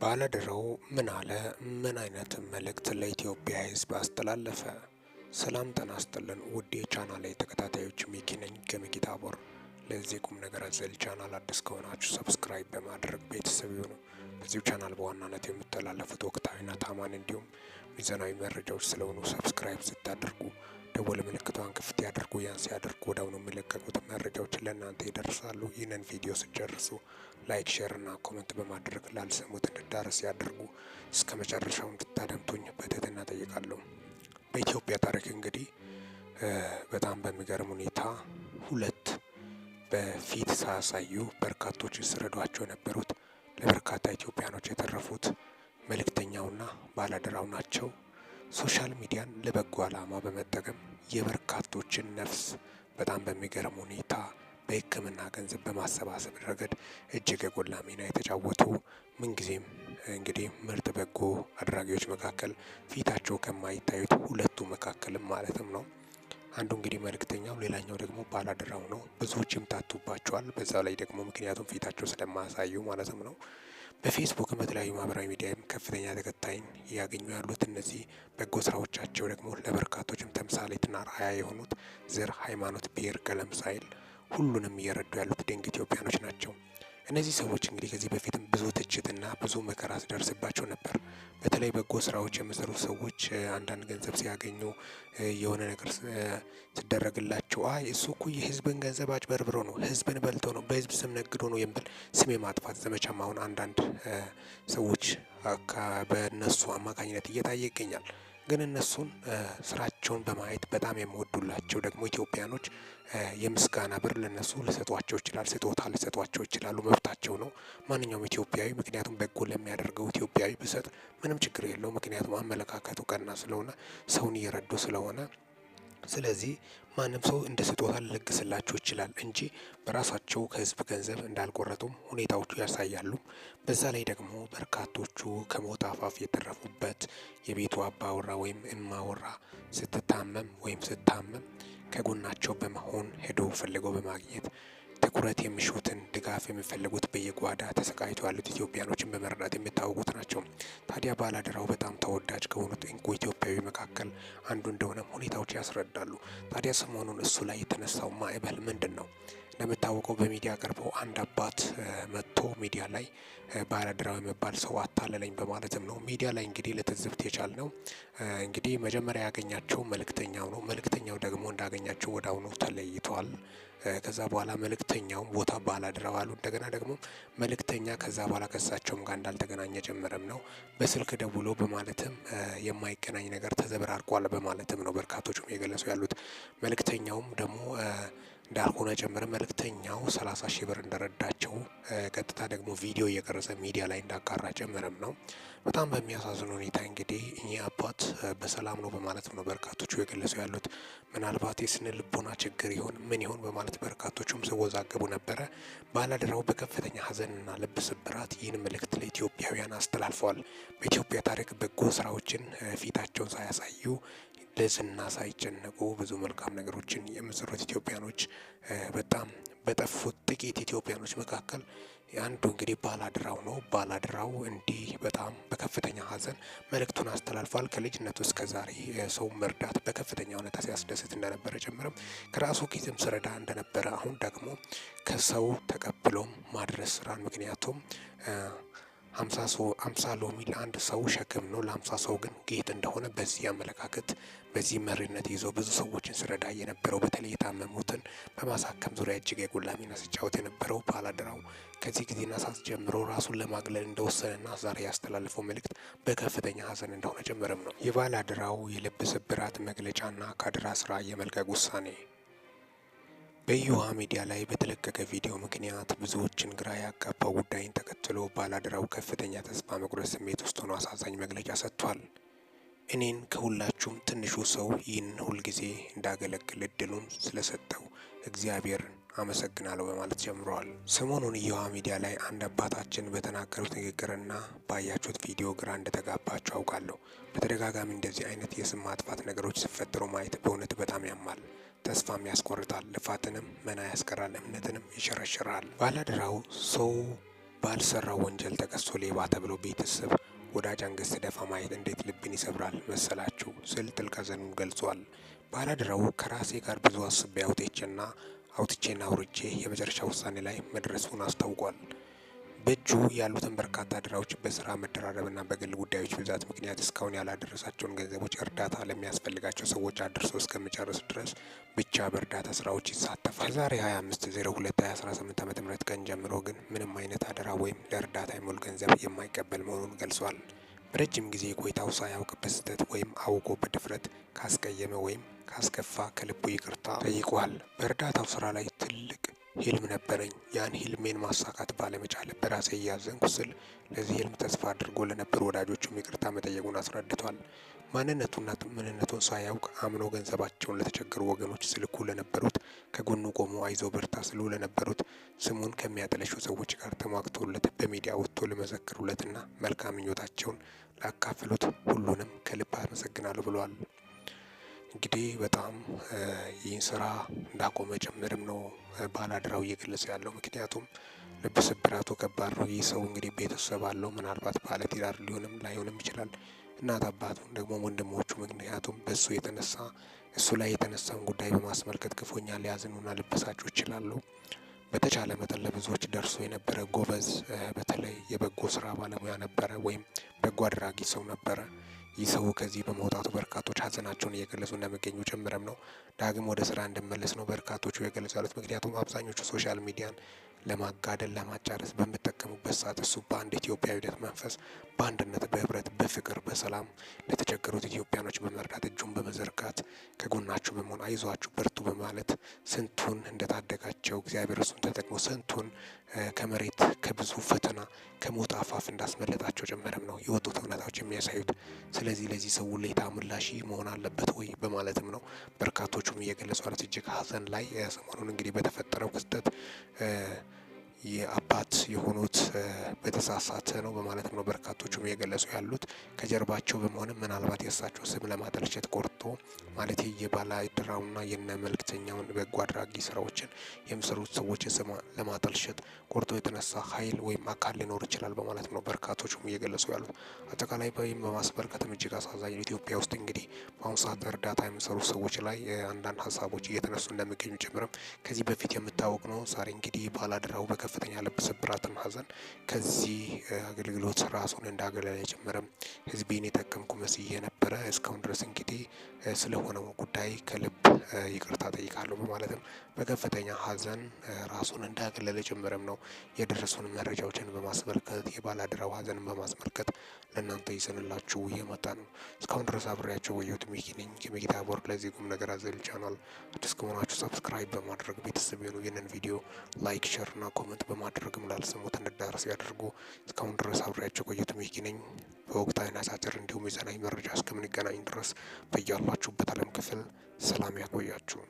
ባለድረው ምን አለ? ምን አይነት መልእክት ለኢትዮጵያ ህዝብ አስተላለፈ? ሰላም ጤና ይስጥልን ውድ የቻናሌ ተከታታዮች፣ ሚኪ ነኝ ከሚኪ ታቦር። ለዚህ ቁም ነገር አዘል ቻናል አዲስ ከሆናችሁ ሰብስክራይብ በማድረግ ቤተሰብ ይሁኑ። በዚሁ ቻናል በዋናነት የሚተላለፉት ወቅታዊና ታማኝ እንዲሁም ሚዛናዊ መረጃዎች ስለሆኑ ሰብስክራይብ ስታደርጉ ደወል ምልክቷን ክፍት ያድርጉ። ያን ሲያደርጉ ወዲያውኑ የሚለቀቁት መረጃዎች ለእናንተ ይደርሳሉ። ይህንን ቪዲዮ ስጨርሱ ላይክ፣ ሼር እና ኮመንት በማድረግ ላልሰሙት እንድዳረስ ያደርጉ። እስከ መጨረሻው እንድታደምጡኝ በትህትና ጠይቃለሁ። በኢትዮጵያ ታሪክ እንግዲህ በጣም በሚገርም ሁኔታ ሁለት በፊት ሳያሳዩ በርካቶች ሲረዷቸው የነበሩት ለበርካታ ኢትዮጵያኖች የተረፉት መልእክተኛውና ባላደራው ናቸው። ሶሻል ሚዲያን ለበጎ ዓላማ በመጠቀም የበርካቶችን ነፍስ በጣም በሚገርም ሁኔታ በሕክምና ገንዘብ በማሰባሰብ ረገድ እጅግ የጎላ ሚና የተጫወቱ ምንጊዜም እንግዲህ ምርጥ በጎ አድራጊዎች መካከል ፊታቸው ከማይታዩት ሁለቱ መካከልም ማለትም ነው። አንዱ እንግዲህ መልእክተኛው፣ ሌላኛው ደግሞ ባላደራው ነው። ብዙዎችም ታቱባቸዋል። በዛ ላይ ደግሞ ምክንያቱም ፊታቸው ስለማያሳዩ ማለትም ነው። በፌስቡክም በተለያዩ ማህበራዊ ሚዲያም ከፍተኛ ተከታይን እያገኙ ያሉት እነዚህ በጎ ስራዎቻቸው ደግሞ ለበርካቶችም ተምሳሌትና ራያ የሆኑት ዘር፣ ሃይማኖት፣ ብሔር፣ ቀለም ሳይል ሁሉንም እየረዱ ያሉት ድንቅ ኢትዮጵያኖች ናቸው። እነዚህ ሰዎች እንግዲህ ከዚህ በፊትም ብዙ ትችትና ብዙ መከራ ሲደርስባቸው ነበር። በተለይ በጎ ስራዎች የሚሰሩ ሰዎች አንዳንድ ገንዘብ ሲያገኙ የሆነ ነገር ሲደረግላቸው አይ እሱ እኮ የህዝብን ገንዘብ አጭበርብሮ ነው፣ ህዝብን በልቶ ነው፣ በህዝብ ስም ነግዶ ነው የሚል ስም የማጥፋት ዘመቻም አሁን አንዳንድ ሰዎች በእነሱ አማካኝነት እየታየ ይገኛል። ግን እነሱን ስራቸውን በማየት በጣም የምወዱላቸው ደግሞ ኢትዮጵያኖች የምስጋና ብር ለነሱ ልሰጧቸው ይችላል፣ ስጦታ ልሰጧቸው ይችላሉ። መብታቸው ነው፣ ማንኛውም ኢትዮጵያዊ። ምክንያቱም በጎ ለሚያደርገው ኢትዮጵያዊ ብሰጥ ምንም ችግር የለው። ምክንያቱም አመለካከቱ ቀና ስለሆነ ሰውን እየረዱ ስለሆነ ስለዚህ ማንም ሰው እንደ ስጦታ ልለግስላቸው ይችላል እንጂ በራሳቸው ከህዝብ ገንዘብ እንዳልቆረጡም ሁኔታዎቹ ያሳያሉ። በዛ ላይ ደግሞ በርካቶቹ ከሞት አፋፍ የተረፉበት የቤቱ አባወራ ወይም እማወራ ስትታመም ወይም ስታመም ከጎናቸው በመሆን ሄዶ ፈልገው በማግኘት ትኩረት የሚሹትን ድጋፍ የሚፈልጉት በየጓዳ ተሰቃይቶ ያሉት ኢትዮጵያኖችን በመርዳት የሚታወቁት ናቸው። ታዲያ ባላደራው በጣም ተወዳጅ ከሆኑት እንቁ ኢትዮጵያዊ መካከል አንዱ እንደሆነም ሁኔታዎች ያስረዳሉ። ታዲያ ሰሞኑን እሱ ላይ የተነሳው ማዕበል ምንድን ነው? እንደምታወቀው በሚዲያ ቀርበው አንድ አባት መጥቶ ሚዲያ ላይ ባለአደራው የሚባል ሰው አታለለኝ በማለትም ነው ሚዲያ ላይ እንግዲህ ለትዝብት የቻል ነው። እንግዲህ መጀመሪያ ያገኛቸው መልእክተኛው ነው። መልእክተኛው ደግሞ እንዳገኛቸው ወደ አሁኑ ተለይቷል። ከዛ በኋላ መልእክተኛውም ቦታ ባለአደራው አሉ። እንደገና ደግሞ መልእክተኛ ከዛ በኋላ ከሳቸውም ጋር እንዳልተገናኘ ጀምረም ነው በስልክ ደውሎ በማለትም የማይገናኝ ነገር ተዘበራርቋል በማለትም ነው በርካቶቹም የገለጹ ያሉት መልእክተኛውም ደግሞ እንዳልሆነ ጨምረን መልእክተኛው ሰላሳ ሺህ ብር እንደረዳቸው ቀጥታ ደግሞ ቪዲዮ እየቀረጸ ሚዲያ ላይ እንዳጋራ ጨምረም ነው። በጣም በሚያሳዝን ሁኔታ እንግዲህ እኚህ አባት በሰላም ነው በማለት ነው በርካቶቹ የገለጹ ያሉት። ምናልባት የስነ ልቦና ችግር ይሆን ምን ይሆን በማለት በርካቶቹም ሲወዛገቡ ነበረ። ባላደራው በከፍተኛ ሀዘንና ልብ ስብራት ይህን መልእክት ለኢትዮጵያውያን አስተላልፈዋል። በኢትዮጵያ ታሪክ በጎ ስራዎችን ፊታቸውን ሳያሳዩ ለዝና ሳይጨነቁ ብዙ መልካም ነገሮችን የምሰሩት ኢትዮጵያኖች በጣም በጠፉት ጥቂት ኢትዮጵያኖች መካከል አንዱ እንግዲህ ባላድራው ነው። ባላድራው እንዲህ በጣም በከፍተኛ ሐዘን መልእክቱን አስተላልፏል። ከልጅነቱ እስከ ዛሬ ሰው መርዳት በከፍተኛ ሁኔታ ሲያስደስት እንደነበረ ጭምርም ከራሱ ጊዜም ስረዳ እንደነበረ አሁን ደግሞ ከሰው ተቀብሎም ማድረስ ስራን ምክንያቱም አምሳ ሎሚ ለአንድ ሰው ሸክም ነው፣ ለአምሳ ሰው ግን ጌጥ እንደሆነ በዚህ አመለካከት በዚህ መሪነት ይዞ ብዙ ሰዎችን ስረዳ የነበረው በተለይ የታመሙትን በማሳከም ዙሪያ እጅግ የጎላ ሚና ሲጫወት የነበረው ባላደራው ከዚህ ጊዜና ሰዓት ጀምሮ ራሱን ለማግለል እንደወሰነና ዛሬ ያስተላለፈው መልእክት በከፍተኛ ሀዘን እንደሆነ ጀመረም ነው የባላደራው የልብ ስብራት መግለጫና ከአደራ ስራ የመልቀቅ ውሳኔ በእዮሃ ሚዲያ ላይ በተለቀቀ ቪዲዮ ምክንያት ብዙዎችን ግራ ያጋባው ጉዳይን ተከትሎ ባላደራው ከፍተኛ ተስፋ መቁረጥ ስሜት ውስጥ ሆኖ አሳዛኝ መግለጫ ሰጥቷል። እኔን ከሁላችሁም ትንሹ ሰው ይህን ሁልጊዜ እንዳገለግል እድሉን ስለሰጠው እግዚአብሔር አመሰግናለሁ በማለት ጀምረዋል። ሰሞኑን እዮሃ ሚዲያ ላይ አንድ አባታችን በተናገሩት ንግግርና ባያችሁት ቪዲዮ ግራ እንደተጋባችሁ አውቃለሁ። በተደጋጋሚ እንደዚህ አይነት የስም ማጥፋት ነገሮች ሲፈጠሩ ማየት በእውነት በጣም ያማል። ተስፋም ያስቆርጣል፣ ልፋትንም መና ያስቀራል፣ እምነትንም ይሸረሽራል። ባላደራው ሰው ባልሰራው ወንጀል ተከሶ ሌባ ተብሎ ቤተሰብ ወዳጅ አንገት ደፋ ማየት እንዴት ልብን ይሰብራል መሰላችሁ ስል ጥልቅ ሐዘኑን ገልጿል። ባላደራው ከራሴ ጋር ብዙ አስቤ አውጥቼና አውጥቼና አውርቼ የመጨረሻ ውሳኔ ላይ መድረሱን አስታውቋል። በእጁ ያሉትን በርካታ ድራዎች በስራ መደራረብና በግል ጉዳዮች ብዛት ምክንያት እስካሁን ያላደረሳቸውን ገንዘቦች እርዳታ ለሚያስፈልጋቸው ሰዎች አድርሶ እስከመጨረስ ድረስ ብቻ በእርዳታ ስራዎች ይሳተፋል። ከዛሬ 25/02/2018 ም ቀን ጀምሮ ግን ምንም አይነት አደራ ወይም ለእርዳታ የሞል ገንዘብ የማይቀበል መሆኑን ገልጿል። በረጅም ጊዜ ቆይታው ሳያውቅ በስህተት ወይም አውቆ በድፍረት ካስቀየመ ወይም ካስከፋ ከልቡ ይቅርታ ጠይቋል። በእርዳታው ስራ ላይ ትልቅ ህልም ነበረኝ። ያን ህልሜን ማሳካት ባለመቻል በራሴ እያዘንኩ ስል ለዚህ ህልም ተስፋ አድርጎ ለነበሩ ወዳጆቹም ይቅርታ መጠየቁን አስረድቷል። ማንነቱና ምንነቱን ሳያውቅ አምኖ ገንዘባቸውን ለተቸገሩ ወገኖች ስልኩ ለነበሩት፣ ከጎኑ ቆሞ አይዞ በርታ ስሉ ለነበሩት፣ ስሙን ከሚያጠለሹ ሰዎች ጋር ተሟግቶለት በሚዲያ ወጥቶ ለመሰክሩለትና መልካም ምኞታቸውን ላካፍሉት ሁሉንም ከልብ አመሰግናለሁ ብለዋል። እንግዲህ በጣም ይህን ስራ እንዳቆመ ጭምርም ነው ባላደራው እየገለጸ ያለው። ምክንያቱም ልብ ስብራቱ ከባድ ነው። ይህ ሰው እንግዲህ ቤተሰብ አለው፣ ምናልባት ባለ ሊሆንም ላይሆንም ይችላል። እናት አባቱን ደግሞ ወንድሞቹ፣ ምክንያቱም በሱ የተነሳ እሱ ላይ የተነሳውን ጉዳይ በማስመልከት ክፉኛ ሊያዝኑና ልበሳቸው ይችላሉ። በተቻለ መጠን ለብዙዎች ደርሶ የነበረ ጎበዝ፣ በተለይ የበጎ ስራ ባለሙያ ነበረ ወይም በጎ አድራጊ ሰው ነበረ። ይህ ሰው ከዚህ በመውጣቱ በርካቶች ሀዘናቸውን እየገለጹ እንደሚገኙ ጭምርም ነው። ዳግም ወደ ስራ እንደመለስ ነው በርካቶቹ የገለጹ ያሉት። ምክንያቱም አብዛኞቹ ሶሻል ሚዲያን ለማጋደል ለማጫረስ በምጠቀሙበት ሰዓት እሱ በአንድ ደት መንፈስ በአንድነት በህብረት በፍቅር በሰላም ለተቸገሩት ኢትዮጵያኖች በመርዳት እጁን በመዘርጋት ከጎናችሁ በመሆን አይዟችሁ በርቱ በማለት ስንቱን እንደታደጋቸው እግዚአብሔር እሱን ተጠቅሞ ስንቱን ከመሬት ከብዙ ፈተና ከሞት አፋፍ እንዳስመለጣቸው ጭምርም ነው የወጡት እውነታዎች የሚያሳዩት። ስለዚህ ለዚህ ሰው ሁሌታ ምላሽ መሆን አለበት ወይ በማለትም ነው በርካቶቹም እየገለጹ አለት እጅግ ሀዘን ላይ ሰሞኑን እንግዲህ በተፈጠረው ክስተት የአባት የሆኑት በተሳሳተ ነው በማለት ነው በርካቶቹም እየገለጹ ያሉት። ከጀርባቸው በመሆንም ምናልባት የእሳቸው ስም ለማጠልሸት ቆርጦ ማለት ድራውና የነ መልክተኛውን በጎ አድራጊ ስራዎችን የሚሰሩት ሰዎችን ስም ለማጠልሸት ቆርጦ የተነሳ ኃይል ወይም አካል ሊኖር ይችላል በማለት ነው በርካቶቹም እየገለጹ ያሉት። አጠቃላይ በይም በማስመልከትም እጅግ አሳዛኝ ኢትዮጵያ ውስጥ እንግዲህ በአሁኑ ሰዓት እርዳታ የሚሰሩ ሰዎች ላይ አንዳንድ ሀሳቦች እየተነሱ እንደሚገኙ ጭምርም ከዚህ በፊት የምታወቅ ነው። ዛሬ እንግዲህ ድራው በከ ከፍተኛ ልብ ስብራትም ሐዘን ከዚህ አገልግሎት ራሱን እንዳገለለ ጀመረም ህዝቤን የጠቀምኩ መስዬ ነበረ። እስካሁን ድረስ እንግዲህ ስለሆነው ጉዳይ ከልብ ይቅርታ ጠይቃለሁ በማለትም በከፍተኛ ሀዘን ራሱን እንዳገለለ ጀመረም ነው የደረሱን መረጃዎችን በማስመልከት የባላደራው ሐዘንን በማስመልከት ለእናንተ ይዘንላችሁ እየመጣ ነው። እስካሁን ድረስ አብሬያቸው ወየሁት ሚኪ ነኝ ከሚኪታ ቦርድ ለዚህ ቁም ነገር አዘል ቻናል አዲስ ከሆናችሁ ሰብስክራይብ በማድረግ ቤተሰብ የሆኑ ይህንን ቪዲዮ ላይክ፣ ሸር ና ኮመንት ኮመንት በማድረግም ላልሰሙት እንዳረስ ያደርጉ። እስካሁን ድረስ አብሬያቸው ቆየት ሚኪ ነኝ። በወቅታዊና አጫጭር እንዲሁም የዘናኝ መረጃ እስከምንገናኝ ድረስ በያላችሁበት ዓለም ክፍል ሰላም ያቆያችሁ።